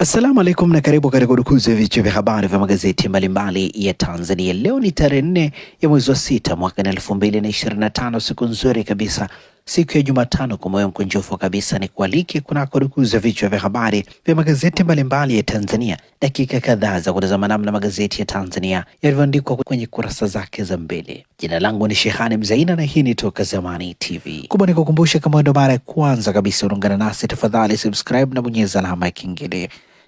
Assalamu alaikum na karibu katika udukuzi ya vichwa vya habari vya magazeti mbalimbali ya Tanzania. Leo ni tarehe nne ya mwezi wa sita mwaka elfu mbili na ishirini na tano, siku nzuri kabisa, siku ya Jumatano. Kwa moyo mkunjufu kabisa ni kualike kunako dukuzi vichwa vya habari vya magazeti mbalimbali ya Tanzania, dakika kadhaa za kutazama namna magazeti ya Tanzania yalivyoandikwa kwenye kurasa zake za mbele. Jina langu ni Shehani Mzaina na hii ni Toka Zamani TV. Kubwa ni kukumbusha, kama ndo mara ya kwanza kabisa unaungana nasi, tafadhali subscribe na bonyeza alama ya kengele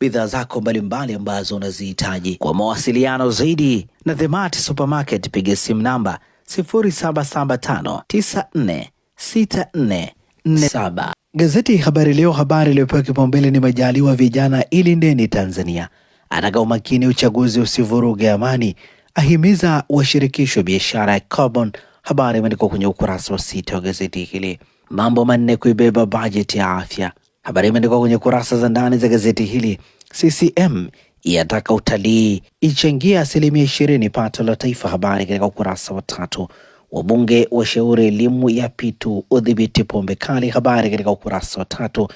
bidhaa zako mbalimbali ambazo unazihitaji. Kwa mawasiliano zaidi na The Mart Supermarket, piga simu namba 0775946447. Gazeti Habari Leo, habari iliyopewa kipaumbele ni Majaliwa vijana ili ndeni Tanzania, ataka umakini uchaguzi usivuruge amani, ahimiza washirikishwe biashara ya carbon. Habari imeandikwa kwenye ukurasa wa sita wa gazeti hili. Mambo manne kuibeba bajeti ya afya Habari imeandikwa kwenye kurasa za ndani za gazeti hili. CCM yataka utalii ichangia asilimia ishirini pato la taifa, habari katika ukurasa wa tatu. Wabunge washauri elimu ya pitu udhibiti pombe kali, habari katika ukurasa wa tatu.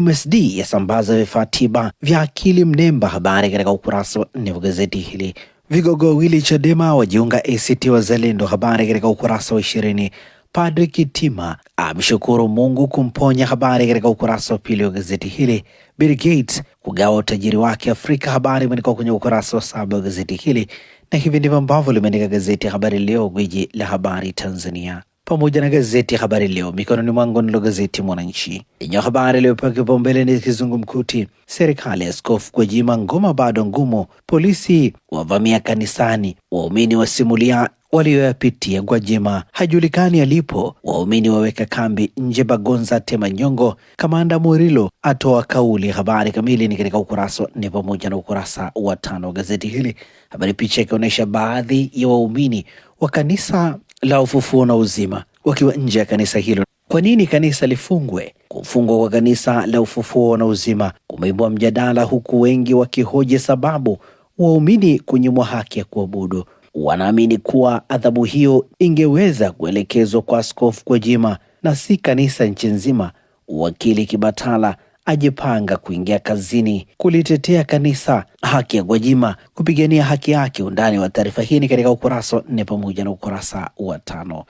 MSD yasambaza vifaa tiba vya akili mnemba, habari katika ukurasa wa nne wa gazeti hili. Vigogo wawili Chadema wajiunga ACT Wazalendo, habari katika ukurasa wa ishirini. Padre Kitima amshukuru Mungu kumponya. Habari katika ukurasa wa pili wa gazeti hili. Bill Gates kugawa utajiri wake Afrika, habari imeandikwa kwenye ukurasa wa saba wa gazeti hili, na hivi ndivyo ambavyo limeandika gazeti ya Habari Leo, gwiji la habari Tanzania, pamoja na gazeti ya Habari Leo mikononi mwangu. Nalo gazeti Mwananchi yenye habari iliyopewa kipaumbele ni kizungumkuti, serikali ya Askofu Gwajima, ngoma bado ngumu, polisi wavamia kanisani, waumini wasimulia walioyapitia Gwajima hajulikani alipo. Waumini waweka kambi nje. Bagonza Temanyongo, kamanda Murilo atoa kauli. Habari kamili ni katika ukurasa wa nne pamoja na ukurasa wa tano wa gazeti hili. Habari picha ikionyesha baadhi ya waumini wa kanisa la Ufufuo na Uzima wakiwa nje ya kanisa hilo. Kwa nini kanisa lifungwe? Kufungwa kwa kanisa la Ufufuo na Uzima kumeibua mjadala, huku wengi wakihoji sababu waumini kunyimwa haki ya kuabudu Wanaamini kuwa adhabu hiyo ingeweza kuelekezwa kwa Askofu Gwajima na si kanisa nchi nzima. Wakili Kibatala ajipanga kuingia kazini kulitetea kanisa. Haki ya Gwajima kupigania haki yake. Undani wa taarifa hii ni katika ukurasa wa nne pamoja na ukurasa wa tano.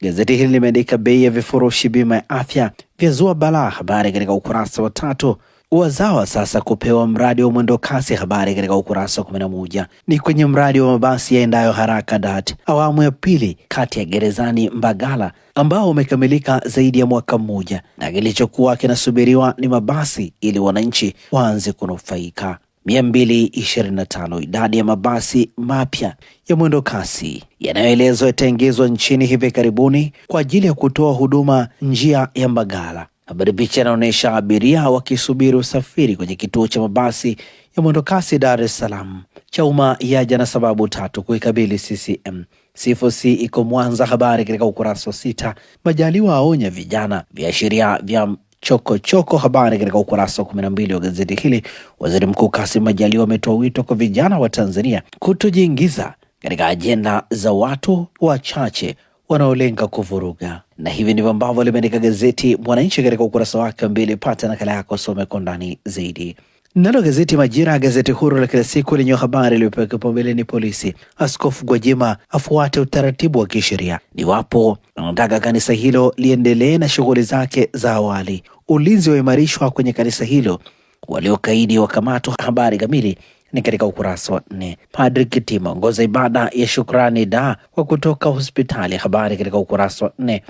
Gazeti hili limeandika bei ya vifurushi bima ya afya vyazua balaa, habari katika ukurasa wa tatu. Wazawa sasa kupewa mradi wa mwendokasi. Habari katika ukurasa wa kumi moja ni kwenye mradi wa mabasi yaendayo haraka dat awamu ya pili kati ya gerezani Mbagala ambao umekamilika zaidi ya mwaka mmoja, na kilichokuwa kinasubiriwa ni mabasi ili wananchi waanze kunufaika. 225 idadi ya mabasi mapya ya mwendo kasi yanayoelezwa yataingizwa nchini hivi karibuni kwa ajili ya kutoa huduma njia ya Mbagala. Habari picha inaonyesha abiria wakisubiri usafiri kwenye kituo cha mabasi ya mwendokasi Dar es Salaam. umma yaja na sababu tatu kuikabili CCM. sifo si iko Mwanza, habari katika ukurasa wa sita. Majaliwa aonya vijana, viashiria vya chokochoko choko, habari katika ukurasa wa kumi na mbili wa gazeti hili. Waziri Mkuu Kassim Majaliwa ametoa wito kwa vijana wa Tanzania kutojiingiza katika ajenda za watu wachache wanaolenga kuvuruga. Na hivi ndivyo ambavyo limeandika gazeti Mwananchi katika ukurasa wake wa mbili. Pata nakala yako, some kwa ndani zaidi. Nalo gazeti Majira, gazeti huru la kila siku lenye habari iliyopewa kipaumbele ni polisi, Askofu Gwajima afuate utaratibu wa kisheria iwapo anataka kanisa hilo liendelee na shughuli zake za awali. Ulinzi waimarishwa kwenye kanisa hilo, waliokaidi wakamatwa. Habari kamili ni katika ukurasa wa nne. Padri Kitima ongoza ibada ya shukrani da kwa kutoka hospitali, habari katika ukurasa wa nne.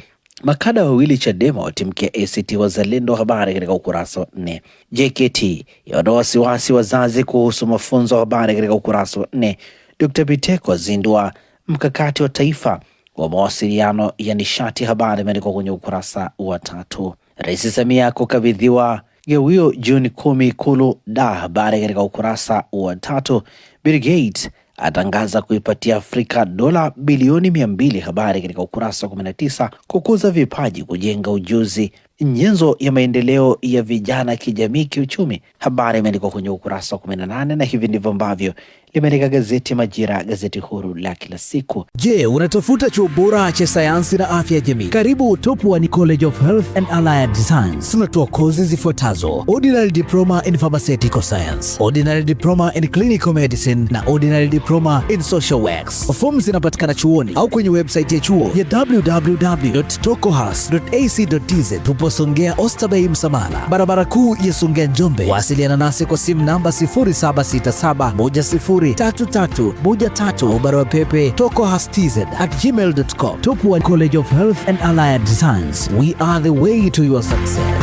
Makada wawili Chadema watimkia ACT Wazalendo, habari katika ukurasa wa nne. JKT yaondoa wasiwasi wazazi kuhusu mafunzo, habari katika ukurasa wa nne. Dr Biteko azindua mkakati wa taifa wa mawasiliano ya nishati, habari imeandikwa kwenye ukurasa wa tatu. Rais Samia kukabidhiwa hiyo Juni kumi Ikulu da habari katika ukurasa wa tatu. Bill Gates atangaza kuipatia Afrika dola bilioni mia mbili. Habari katika ukurasa wa 19. Kukuza vipaji, kujenga ujuzi, nyenzo ya maendeleo ya vijana kijamii kiuchumi. Habari imeandikwa kwenye ukurasa wa 18 na hivi ndivyo ambavyo limeandika gazeti Majira, gazeti huru la kila siku. Je, unatafuta chuo bora cha sayansi na afya ya jamii? Karibu Top One College of Health and Allied Science. Tunatoa kozi zifuatazo: ordinary diploma in pharmaceutical science, ordinary diploma in clinical medicine na ordinary diploma in social works. Fomu zinapatikana chuoni au kwenye website ya chuo ya www.tokohas.ac.tz. Tupo Kariakoo, Songea, Ostabei Msamala, barabara kuu ya Songea Njombe. Wasiliana nasi kwa simu namba 0767103313 barua pepe tokohastz@gmail.com. Tupwa College of Health and Allied Science, we are the way to your success.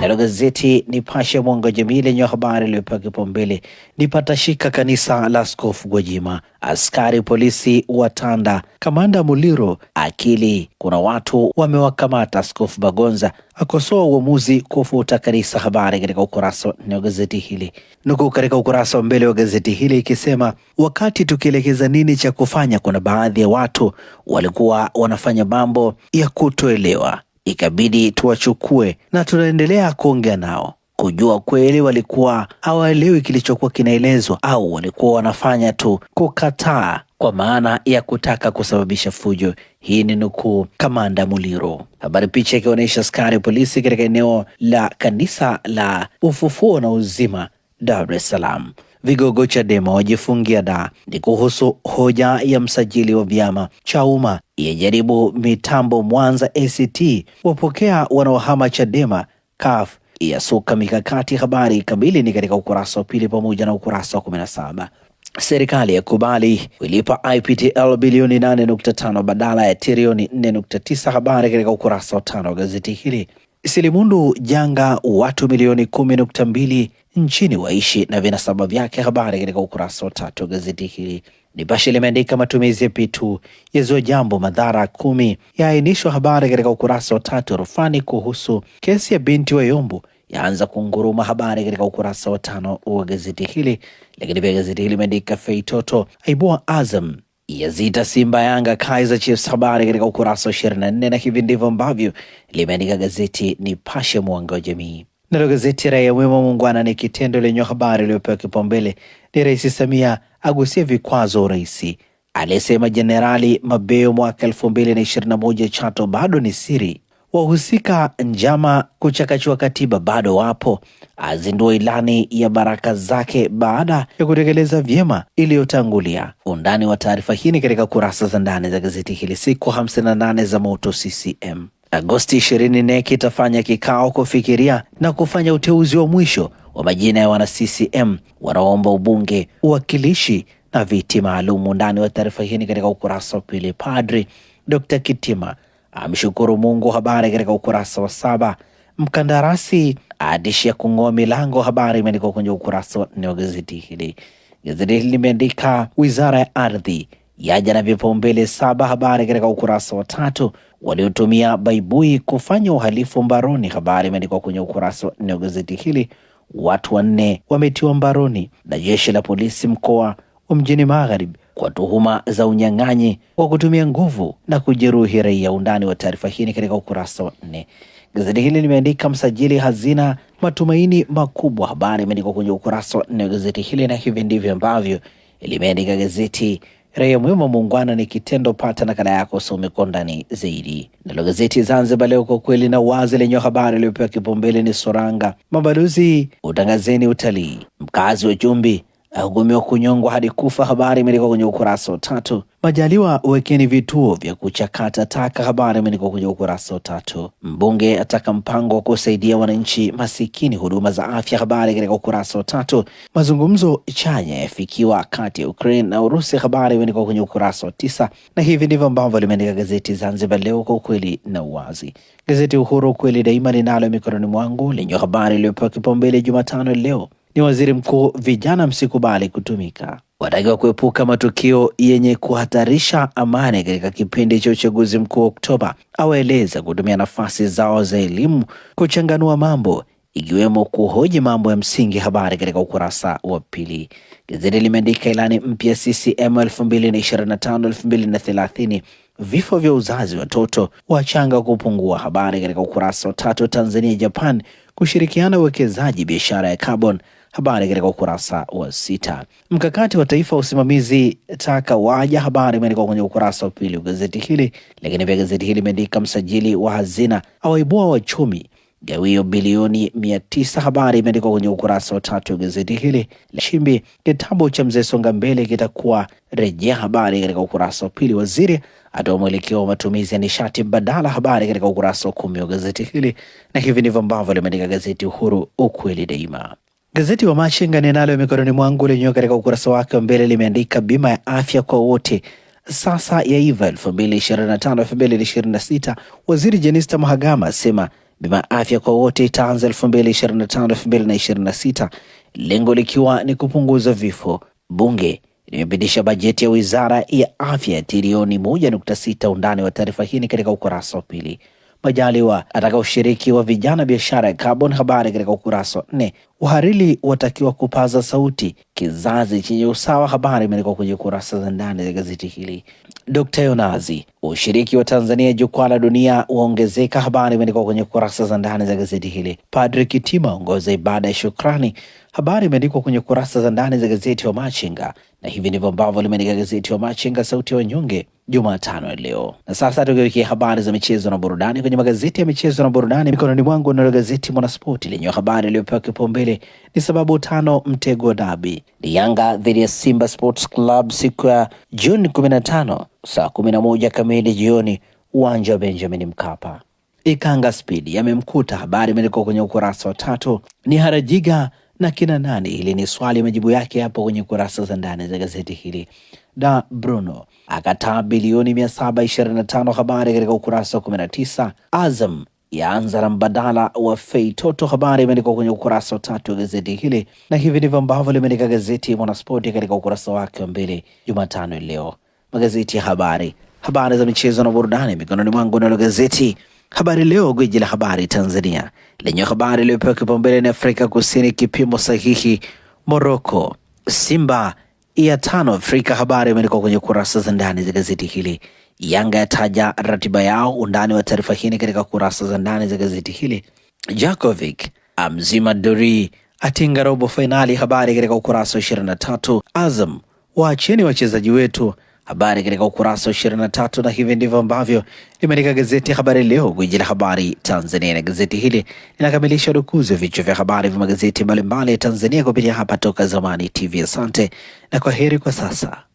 Nalo gazeti Nipashe mwanga wa jamii lenye habari iliyopewa kipaumbele ni patashika kanisa la Askofu Gwajima, askari polisi watanda, kamanda Muliro akili, kuna watu wamewakamata. Askofu Bagonza akosoa uamuzi kufuta kanisa, habari katika ukurasa wa nne wa gazeti hili, nukuu katika ukurasa wa mbele wa gazeti hili ikisema, wakati tukielekeza nini cha kufanya, kuna baadhi ya watu walikuwa wanafanya mambo ya kutoelewa ikabidi tuwachukue na tunaendelea kuongea nao kujua kweli walikuwa hawaelewi kilichokuwa kinaelezwa au walikuwa wanafanya tu kukataa kwa maana ya kutaka kusababisha fujo. Hii ni nukuu Kamanda Muliro. Habari picha ikionyesha askari polisi katika eneo la kanisa la Ufufuo na Uzima, Dar es Salaam vigogo Chadema wajifungia da ni kuhusu hoja ya msajili wa vyama cha umma yajaribu mitambo Mwanza, ACT wapokea wanaohama Chadema, CUF yasuka mikakati. Habari kamili ni katika ukurasa wa pili pamoja na ukurasa wa 17. Serikali ya kubali ilipa IPTL bilioni 8.5 badala ya trilioni 4.9. Habari katika ukurasa wa tano wa gazeti hili. Silimundu janga watu milioni kumi nukta mbili nchini waishi na vinasaba vyake. Habari katika ukurasa wa tatu wa gazeti hili. Nipashe limeandika matumizi ya pitu 2 yazua jambo madhara kumi yaainishwa. Habari katika ukurasa wa tatu. Rufani kuhusu kesi ya binti wa Yombo yaanza kunguruma. Habari katika ukurasa wa tano wa gazeti hili. Lakini pia gazeti hili limeandika Feitoto aibua Azam yazita Simba Yanga Kaizer Chiefs, habari katika ukurasa wa 24, na hivi ndivyo ambavyo limeandika gazeti Nipashe mwanga wa jamii. Nalo gazeti Raia Mwema muungwana ni kitendo lenye habari iliyopewa kipaumbele ni Rais Samia agusia vikwazo urais, aliyesema Jenerali Mabeo mwaka 2021 Chato bado ni siri Wahusika njama kuchakachua katiba bado wapo. Azindua ilani ya baraka zake baada ya kutekeleza vyema iliyotangulia. Undani wa taarifa hii ni katika kurasa za ndani za gazeti hili, siku 58 za moto CCM. Agosti 20, NEC itafanya kikao kufikiria na kufanya uteuzi wa mwisho wa majina ya wana CCM wanaoomba ubunge, uwakilishi na viti maalum. Undani wa taarifa hii ni katika ukurasa wa pili. Padri Dr Kitima amshukuru Mungu. Habari katika ukurasa wa saba. Mkandarasi atishia kung'oa milango, habari imeandikwa kwenye ukurasa wa nne wa gazeti hili. Gazeti hili limeandika wizara ya ardhi yaja na vipaumbele saba, habari katika ukurasa wa tatu. Waliotumia baibui kufanya uhalifu mbaroni, habari imeandikwa kwenye ukurasa wa nne wa gazeti hili. Watu wanne wametiwa mbaroni na jeshi la polisi mkoa wa Mjini Magharibi kwa tuhuma za unyang'anyi wa kutumia nguvu na kujeruhi raia. Undani wa taarifa hii ni katika ukurasa wa nne. Gazeti hili limeandika msajili hazina matumaini makubwa, habari imeandikwa kwenye ukurasa wa nne wa gazeti hili, na hivi ndivyo ambavyo limeandika gazeti. Raia mwema muungwana ni kitendo. Pata nakala yako usome kwa undani zaidi. Nalo gazeti Zanzibar Leo, kwa kweli na wazi, lenye habari iliyopewa kipaumbele ni Soranga, mabalozi utangazeni utalii. Mkazi wa Jumbi ahukumiwa kunyongwa hadi kufa. Habari imeandikwa kwenye ukurasa wa tatu. Majaliwa wekeni vituo vya kuchakata taka. Habari imeandikwa kwenye ukurasa wa tatu. Mbunge ataka mpango wa kusaidia wananchi masikini huduma za afya. Habari katika ukurasa wa tatu. Mazungumzo chanya yafikiwa kati ya Ukraine na Urusi. Habari imeandikwa kwenye ukurasa wa tisa, na hivi ndivyo ambavyo limeandika gazeti Zanzibar Leo kwa ukweli na uwazi. Gazeti Uhuru ukweli daima linalo mikononi mwangu lenye habari iliyopewa kipaumbele Jumatano leo ni waziri mkuu, vijana msikubali kutumika. Watakiwa kuepuka matukio yenye kuhatarisha amani katika kipindi cha uchaguzi mkuu Oktoba. Awaeleza kutumia nafasi zao za elimu kuchanganua mambo ikiwemo kuhoji mambo ya msingi. Habari katika ukurasa wa pili. Gazeti limeandika ilani mpya CCM 2025-2030 vifo vya uzazi watoto wachanga kupungua. Habari katika ukurasa wa tatu. Tanzania Japan kushirikiana uwekezaji biashara ya carbon habari katika ukurasa wa sita. Mkakati wa taifa wa usimamizi taka waja, habari imeandikwa kwenye ukurasa wa pili wa gazeti hili. Lakini pia gazeti hili imeandika msajili wa hazina awaibua wachumi gawio bilioni mia tisa. Habari imeandikwa kwenye ukurasa wa tatu wa gazeti hili. Shimbi kitabu cha mzee songa mbele kitakuwa rejea, habari katika ukurasa wa pili. Waziri atoa mwelekeo wa matumizi ya nishati mbadala, habari katika ukurasa wa kumi wa gazeti hili, na hivi ndivyo ambavyo limeandika gazeti Uhuru, ukweli daima. Gazeti wa Machinga ninalo mikononi mwangu lenyewe katika ukurasa wake wa mbele limeandika bima ya afya kwa wote sasa yaiva 2025 2026. Waziri Jenista Mhagama asema bima ya afya kwa wote itaanza 2025 2026, lengo likiwa ni kupunguza vifo. Bunge limepitisha bajeti ya wizara ya afya ya trilioni 1.6. Undani wa taarifa hii ni katika ukurasa wa pili. Majaliwa ataka ushiriki wa vijana biashara ya carbon. Habari katika ukurasa wa nne. Wahariri watakiwa kupaza sauti kizazi chenye usawa. Habari imeandikwa kwenye kurasa za ndani za gazeti hili. Dkt Yonazi, ushiriki wa Tanzania jukwaa la dunia waongezeka. Habari imeandikwa kwenye kurasa za ndani za gazeti hili. Padri Kitima ongoza ibada ya shukrani. Habari imeandikwa kwenye kurasa za ndani za gazeti wa Machinga, na hivi ndivyo ambavyo limeandika gazeti wa Machinga, sauti ya wa wanyonge. Jumatano ya leo. Na sasa tukiwekia habari za michezo na burudani kwenye magazeti ya michezo na burudani mikononi mwangu, nalo gazeti Mwanaspoti lenye habari iliyopewa kipaumbele ni sababu tano mtego wa dabi ni Yanga dhidi ya Simba Sports Club siku ya Juni 15 saa 11 kamili jioni, uwanja wa Benjamin Mkapa. Ikanga spidi yamemkuta, habari imeandikwa kwenye ukurasa wa tatu. Ni Harajiga na kina nani? Hili ni swali, majibu yake hapo kwenye kurasa za ndani za gazeti hili. Da Bruno akataa bilioni 725, habari katika ukurasa wa 19. Azam yaanza na mbadala wa Fei Toto, habari imeandikwa kwenye ukurasa wa tatu wa gazeti hili, na hivi ndivyo ambavyo limeandika gazeti Mwanaspoti katika ukurasa wake wa mbili Jumatano leo. Magazeti ya habari, habari za michezo na burudani mikononi mwangu, nalo gazeti Habari Leo, gwiji la habari Tanzania, lenye habari iliyopewa kipaumbele ni Afrika Kusini kipimo sahihi Moroko, Simba ya tano Afrika. Habari imeandikwa kwenye kurasa za ndani za gazeti hili. Yanga yataja ratiba yao. Undani wa taarifa hii katika kurasa za ndani za gazeti hili. Djokovic amzima Dori atinga robo fainali. Habari katika ukurasa wa 23. Azam, waacheni wachezaji wetu habari katika ukurasa wa tatu na hivi ndivyo ambavyo limeandika gazeti ya Habari Leo, gwiji la habari Tanzania, na gazeti hili linakamilisha udukuzi wa vichwa vya habari vya magazeti mbalimbali ya Tanzania kupitia hapa Toka Zamani TV. Asante na kwa heri kwa sasa.